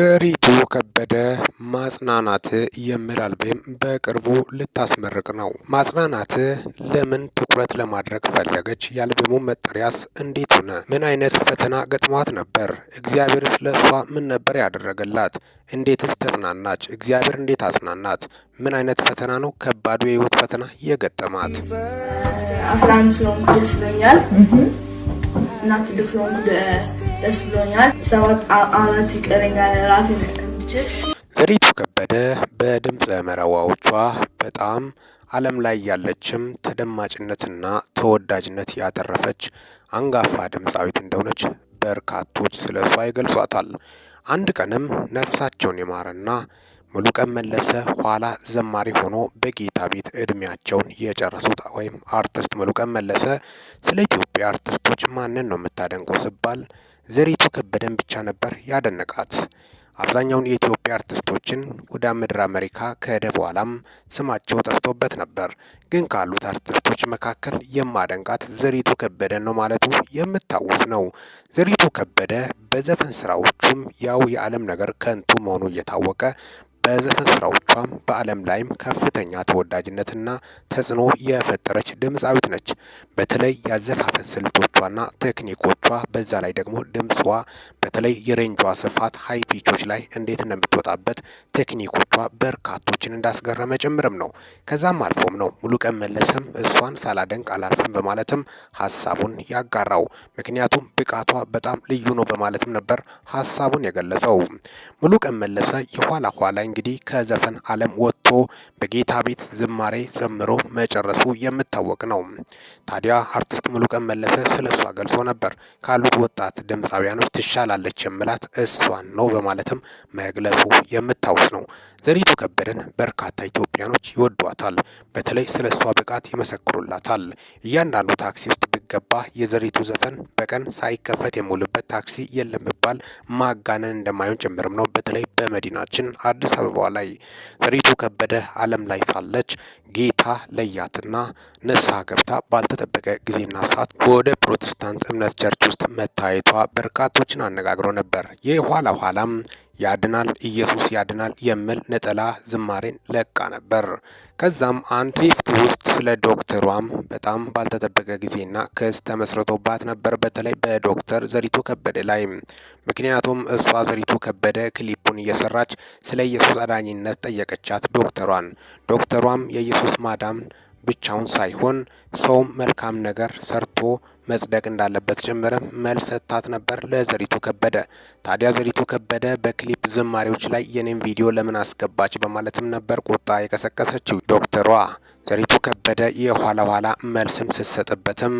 ድሪቱ ከበደ ማጽናናት የሚል አልበም በቅርቡ ልታስመርቅ ነው። ማጽናናት ለምን ትኩረት ለማድረግ ፈለገች? የአልበሙ መጠሪያስ እንዴት ሆነ? ምን አይነት ፈተና ገጥሟት ነበር? እግዚአብሔርስ ለእሷ ምን ነበር ያደረገላት? እንዴትስ ተጽናናች? እግዚአብሔር እንዴት አጽናናት? ምን አይነት ፈተና ነው ከባዱ የህይወት ፈተና የገጠማት? አስራ አንድ ነው ደስ ይለኛል እና ትልቅ ስለሆንኩ ደስ ብሎኛል። ሰባት አመት ይቀረኛል ራሴን እንድችል። ዘሪቱ ከበደ በድምፅ መረዋዎቿ በጣም ዓለም ላይ ያለችም ተደማጭነትና ተወዳጅነት ያተረፈች አንጋፋ ድምፃዊት እንደሆነች በርካቶች ስለ እሷ ይገልጿታል። አንድ ቀንም ነፍሳቸውን የማረና ሙሉቀን መለሰ ኋላ ዘማሪ ሆኖ በጌታ ቤት እድሜያቸውን የጨረሱት ወይም አርቲስት ሙሉቀን መለሰ ስለ ኢትዮጵያ አርቲስቶች ማንን ነው የምታደንቀው ስባል ዘሪቱ ከበደን ብቻ ነበር ያደነቃት። አብዛኛውን የኢትዮጵያ አርቲስቶችን ወደ ምድር አሜሪካ ከሄደ በኋላም ስማቸው ጠፍቶበት ነበር። ግን ካሉት አርቲስቶች መካከል የማደንቃት ዘሪቱ ከበደ ነው ማለቱ የምታወስ ነው። ዘሪቱ ከበደ በዘፈን ስራዎቹም ያው የዓለም ነገር ከንቱ መሆኑ እየታወቀ በዘፈን ስራዎቿም በዓለም ላይም ከፍተኛ ተወዳጅነትና ተጽዕኖ የፈጠረች ድምፃዊት ነች። በተለይ ያዘፋፈን ስልቶቿና ቴክኒኮቿ በዛ ላይ ደግሞ ድምፅዋ በተለይ የሬንጇ ስፋት ሀይ ፒቾች ላይ እንዴት እንደምትወጣበት ቴክኒኮቿ በርካቶችን እንዳስገረመ ጭምርም ነው። ከዛም አልፎም ነው ሙሉቀን መለሰም እሷን ሳላደንቅ አላልፍም በማለትም ሀሳቡን ያጋራው። ምክንያቱም ብቃቷ በጣም ልዩ ነው በማለትም ነበር ሀሳቡን የገለጸው ሙሉቀን መለሰ የኋላ ኋላ እንግዲህ ከዘፈን ዓለም ወጥቶ በጌታ ቤት ዝማሬ ዘምሮ መጨረሱ የሚታወቅ ነው። ታዲያ አርቲስት ሙሉቀን መለሰ ስለ እሷ ገልጾ ነበር። ካሉት ወጣት ድምፃውያኖች ትሻላለች የምላት እሷን ነው በማለትም መግለጹ የምታወስ ነው። ዘሪቱ ከበደን በርካታ ኢትዮጵያኖች ይወዷታል። በተለይ ስለ እሷ ብቃት ይመሰክሩላታል። እያንዳንዱ ታክሲ ውስጥ የሚገባ የዘሪቱ ዘፈን በቀን ሳይከፈት የሞሉበት ታክሲ የለም ይባል ማጋነን እንደማይሆን ጭምርም ነው። በተለይ በመዲናችን አዲስ አበባ ላይ ዘሪቱ ከበደ ዓለም ላይ ሳለች ጌታ ለያትና ንስሐ ገብታ ባልተጠበቀ ጊዜና ሰዓት ወደ ፕሮቴስታንት እምነት ቸርች ውስጥ መታየቷ በርካቶችን አነጋግሮ ነበር። የኋላ ኋላም ያድናል ኢየሱስ ያድናል የሚል ነጠላ ዝማሬን ለቃ ነበር። ከዛም አንድ ፊፍቲ ውስጥ ስለ ዶክተሯም በጣም ባልተጠበቀ ጊዜና ክስ ተመስርቶባት ነበር፣ በተለይ በዶክተር ዘሪቱ ከበደ ላይ። ምክንያቱም እሷ ዘሪቱ ከበደ ክሊፑን እየሰራች ስለ ኢየሱስ አዳኝነት ጠየቀቻት ዶክተሯን። ዶክተሯም የኢየሱስ ማዳም ብቻውን ሳይሆን ሰውም መልካም ነገር ሰርቶ መጽደቅ እንዳለበት ጭምርም መልስ ሰጥታት ነበር ለዘሪቱ ከበደ። ታዲያ ዘሪቱ ከበደ በክሊፕ ዝማሪዎች ላይ የኔም ቪዲዮ ለምን አስገባች በማለትም ነበር ቁጣ የቀሰቀሰችው ዶክተሯ። ዘሪቱ ከበደ የኋላ ኋላ መልስም ስትሰጥበትም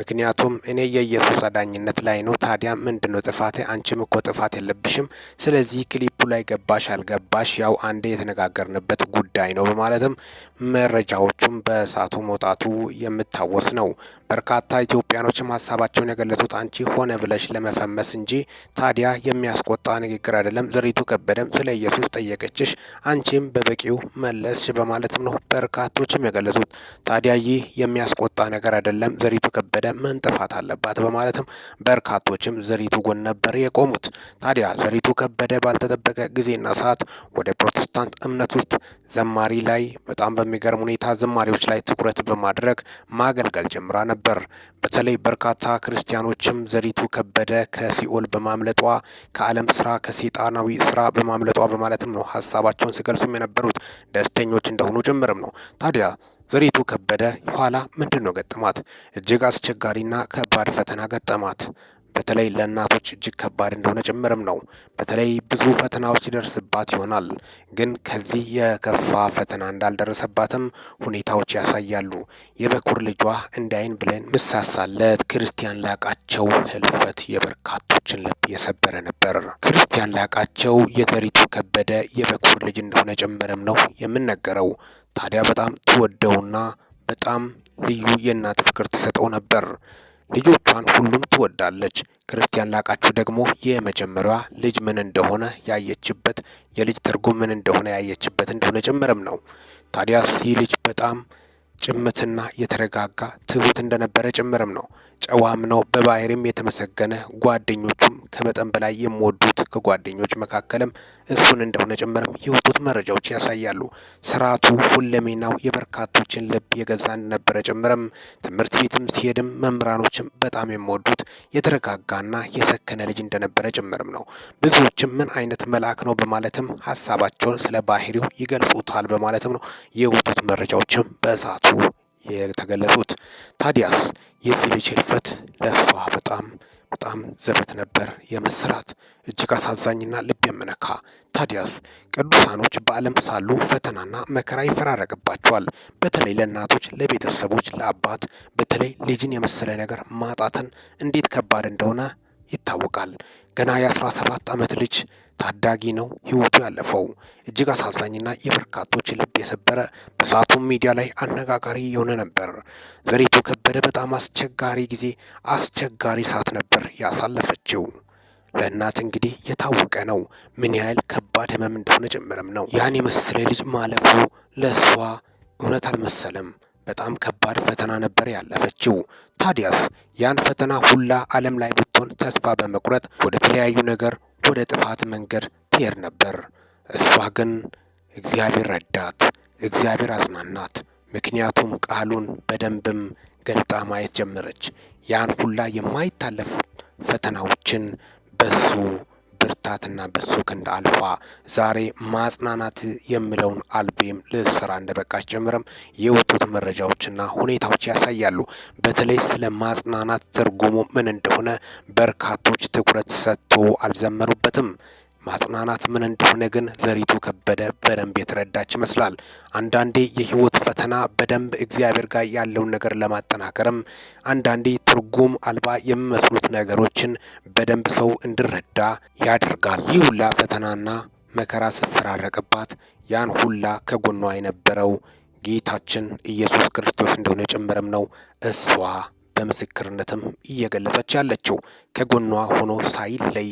ምክንያቱም እኔ የኢየሱስ አዳኝነት ላይ ነው፣ ታዲያ ምንድነው ጥፋቴ? አንቺም እኮ ጥፋት የለብሽም። ስለዚህ ክሊፑ ላይ ገባሽ አልገባሽ ያው አንዴ የተነጋገርንበት ጉዳይ ነው በማለትም መረጃዎቹም በእሳቱ መውጣቱ የምታወስ ነው። በርካታ ኢትዮጵያኖችም ሀሳባቸውን የገለጹት አንቺ ሆነ ብለሽ ለመፈመስ እንጂ ታዲያ የሚያስቆጣ ንግግር አይደለም። ዘሪቱ ከበደም ስለ ኢየሱስ ጠየቀችሽ፣ አንቺም በበቂው መለስሽ በማለትም ነው በርካቶች በመግለጽም የገለጹት ታዲያ ይህ የሚያስቆጣ ነገር አይደለም፣ ዘሪቱ ከበደ መንጥፋት አለባት በማለትም በርካቶችም ዘሪቱ ጎን ነበር የቆሙት። ታዲያ ዘሪቱ ከበደ ባልተጠበቀ ጊዜና ሰዓት ወደ ፕሮቴስታንት እምነት ውስጥ ዘማሪ ላይ በጣም በሚገርም ሁኔታ ዘማሪዎች ላይ ትኩረት በማድረግ ማገልገል ጀምራ ነበር። በተለይ በርካታ ክርስቲያኖችም ዘሪቱ ከበደ ከሲኦል በማምለጧ ከዓለም ስራ ከሴጣናዊ ስራ በማምለጧ በማለትም ነው ሀሳባቸውን ሲገልጹም የነበሩት ደስተኞች እንደሆኑ ጭምርም ነው። ታዲያ ዘሪቱ ከበደ ኋላ ምንድን ነው ገጠማት? እጅግ አስቸጋሪና ከባድ ፈተና ገጠማት። በተለይ ለእናቶች እጅግ ከባድ እንደሆነ ጭምርም ነው። በተለይ ብዙ ፈተናዎች ይደርስባት ይሆናል፣ ግን ከዚህ የከፋ ፈተና እንዳልደረሰባትም ሁኔታዎች ያሳያሉ። የበኩር ልጇ እንዳይን ብለን ምሳሳለት ክርስቲያን ላቃቸው ህልፈት የበርካቶችን ልብ የሰበረ ነበር። ክርስቲያን ላቃቸው የዘሪቱ ከበደ የበኩር ልጅ እንደሆነ ጭምርም ነው የምነገረው። ታዲያ በጣም ትወደውና በጣም ልዩ የእናት ፍቅር ትሰጠው ነበር። ልጆቿን ሁሉም ትወዳለች። ክርስቲያን ላቃችሁ ደግሞ የመጀመሪያ ልጅ ምን እንደሆነ ያየችበት የልጅ ትርጉም ምን እንደሆነ ያየችበት እንደሆነ ጭምርም ነው። ታዲያ ሲ ልጅ በጣም ጭምትና የተረጋጋ ትሁት እንደነበረ ጭምርም ነው። ጨዋም ነው፣ በባህሪም የተመሰገነ ጓደኞቹም ከመጠን በላይ የሚወዱት ከጓደኞች መካከልም እሱን እንደሆነ ጭምርም የወጡት መረጃዎች ያሳያሉ። ስርዓቱ፣ ሁለሜናው የበርካቶችን ልብ የገዛ እንደነበረ ጭምርም ትምህርት ቤትም ሲሄድም መምህራኖችም በጣም የሚወዱት የተረጋጋና የሰከነ ልጅ እንደነበረ ጭምርም ነው። ብዙዎችም ምን አይነት መልአክ ነው በማለትም ሀሳባቸውን ስለ ባህሪው ይገልጹታል በማለትም ነው የወጡት መረጃዎችም በእሳቱ የተገለጹት። ታዲያስ የዚህ ልጅ ህልፈት ለእሷ በጣም በጣም ዘበት ነበር የምስራት እጅግ አሳዛኝና ልብ የምነካ ታዲያስ ቅዱሳኖች በዓለም ሳሉ ፈተናና መከራ ይፈራረቅባቸዋል። በተለይ ለእናቶች፣ ለቤተሰቦች፣ ለአባት በተለይ ልጅን የመሰለ ነገር ማጣትን እንዴት ከባድ እንደሆነ ይታወቃል። ገና የ17 ዓመት ልጅ ታዳጊ ነው ህይወቱ ያለፈው። እጅግ አሳዛኝና የበርካቶች ልብ የሰበረ በሰዓቱም ሚዲያ ላይ አነጋጋሪ የሆነ ነበር። ዘሪቱ ከበደ በጣም አስቸጋሪ ጊዜ አስቸጋሪ ሰዓት ነበር ያሳለፈችው። ለእናት እንግዲህ የታወቀ ነው ምን ያህል ከባድ ህመም እንደሆነ ጭምርም ነው። ያን የመሰለ ልጅ ማለፉ ለእሷ እውነት አልመሰለም። በጣም ከባድ ፈተና ነበር ያለፈችው። ታዲያስ ያን ፈተና ሁላ ዓለም ላይ ብትሆን ተስፋ በመቁረጥ ወደ ተለያዩ ነገር ወደ ጥፋት መንገድ ትሄድ ነበር። እሷ ግን እግዚአብሔር ረዳት፣ እግዚአብሔር አጽናናት። ምክንያቱም ቃሉን በደንብም ገልጣ ማየት ጀመረች። ያን ሁላ የማይታለፉ ፈተናዎችን በሱ መምታትና በሱ ክንድ አልፋ ዛሬ ማጽናናት የሚለውን አልቤም ለስራ እንደበቃች ጭምርም የወጡት መረጃዎችና ሁኔታዎች ያሳያሉ። በተለይ ስለ ማጽናናት ትርጉሙ ምን እንደሆነ በርካቶች ትኩረት ሰጥቶ አልዘመሩበትም። ማጽናናት ምን እንደሆነ ግን ዘሪቱ ከበደ በደንብ የተረዳች ይመስላል። አንዳንዴ የህይወት ፈተና በደንብ እግዚአብሔር ጋር ያለውን ነገር ለማጠናከርም፣ አንዳንዴ ትርጉም አልባ የሚመስሉት ነገሮችን በደንብ ሰው እንዲረዳ ያደርጋል። ይህ ሁላ ፈተናና መከራ ስፈራረቅባት ያን ሁላ ከጎኗ የነበረው ጌታችን ኢየሱስ ክርስቶስ እንደሆነ ጭምርም ነው እሷ በምስክርነትም እየገለጸች ያለችው ከጎኗ ሆኖ ሳይለይ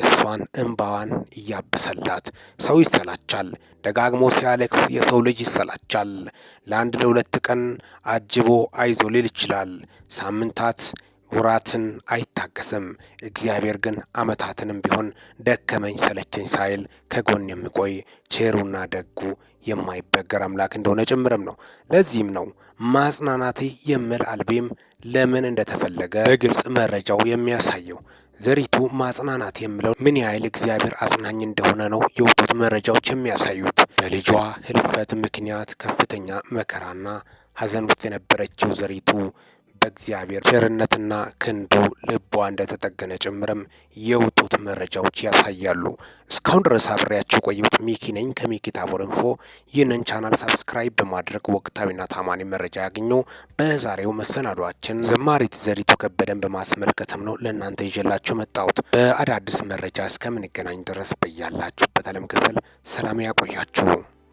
እሷን እንባዋን እያበሰላት ሰው ይሰላቻል። ደጋግሞ ሲያለክስ የሰው ልጅ ይሰላቻል። ለአንድ ለሁለት ቀን አጅቦ አይዞ ሊል ይችላል። ሳምንታት ውራትን አይታገስም። እግዚአብሔር ግን ዓመታትንም ቢሆን ደከመኝ ሰለቸኝ ሳይል ከጎን የሚቆይ ቸሩና ደጉ የማይበገር አምላክ እንደሆነ ጭምርም ነው። ለዚህም ነው ማጽናናቴ የሚል አልቤም ለምን እንደተፈለገ በግልጽ መረጃው የሚያሳየው። ዘሪቱ ማጽናናት የምለው ምን ያህል እግዚአብሔር አጽናኝ እንደሆነ ነው የወጡት መረጃዎች የሚያሳዩት። በልጇ ህልፈት ምክንያት ከፍተኛ መከራና ሐዘን ውስጥ የነበረችው ዘሪቱ በእግዚአብሔር ቸርነትና ክንዱ ልቧ እንደተጠገነ ጭምርም የወጡት መረጃዎች ያሳያሉ። እስካሁን ድረስ አብሬያቸው የቆየሁት ሚኪ ነኝ ከሚኪ ታቦር ኢንፎ። ይህንን ቻናል ሳብስክራይብ በማድረግ ወቅታዊና ታማኒ መረጃ ያገኙ። በዛሬው መሰናዷችን ዘማሪት ዘሪቱ ከበደን በማስመልከትም ነው ለእናንተ ይዤላችሁ መጣሁት። በአዳዲስ መረጃ እስከምንገናኝ ድረስ በያላችሁበት ዓለም ክፍል ሰላም ያቆያችሁ።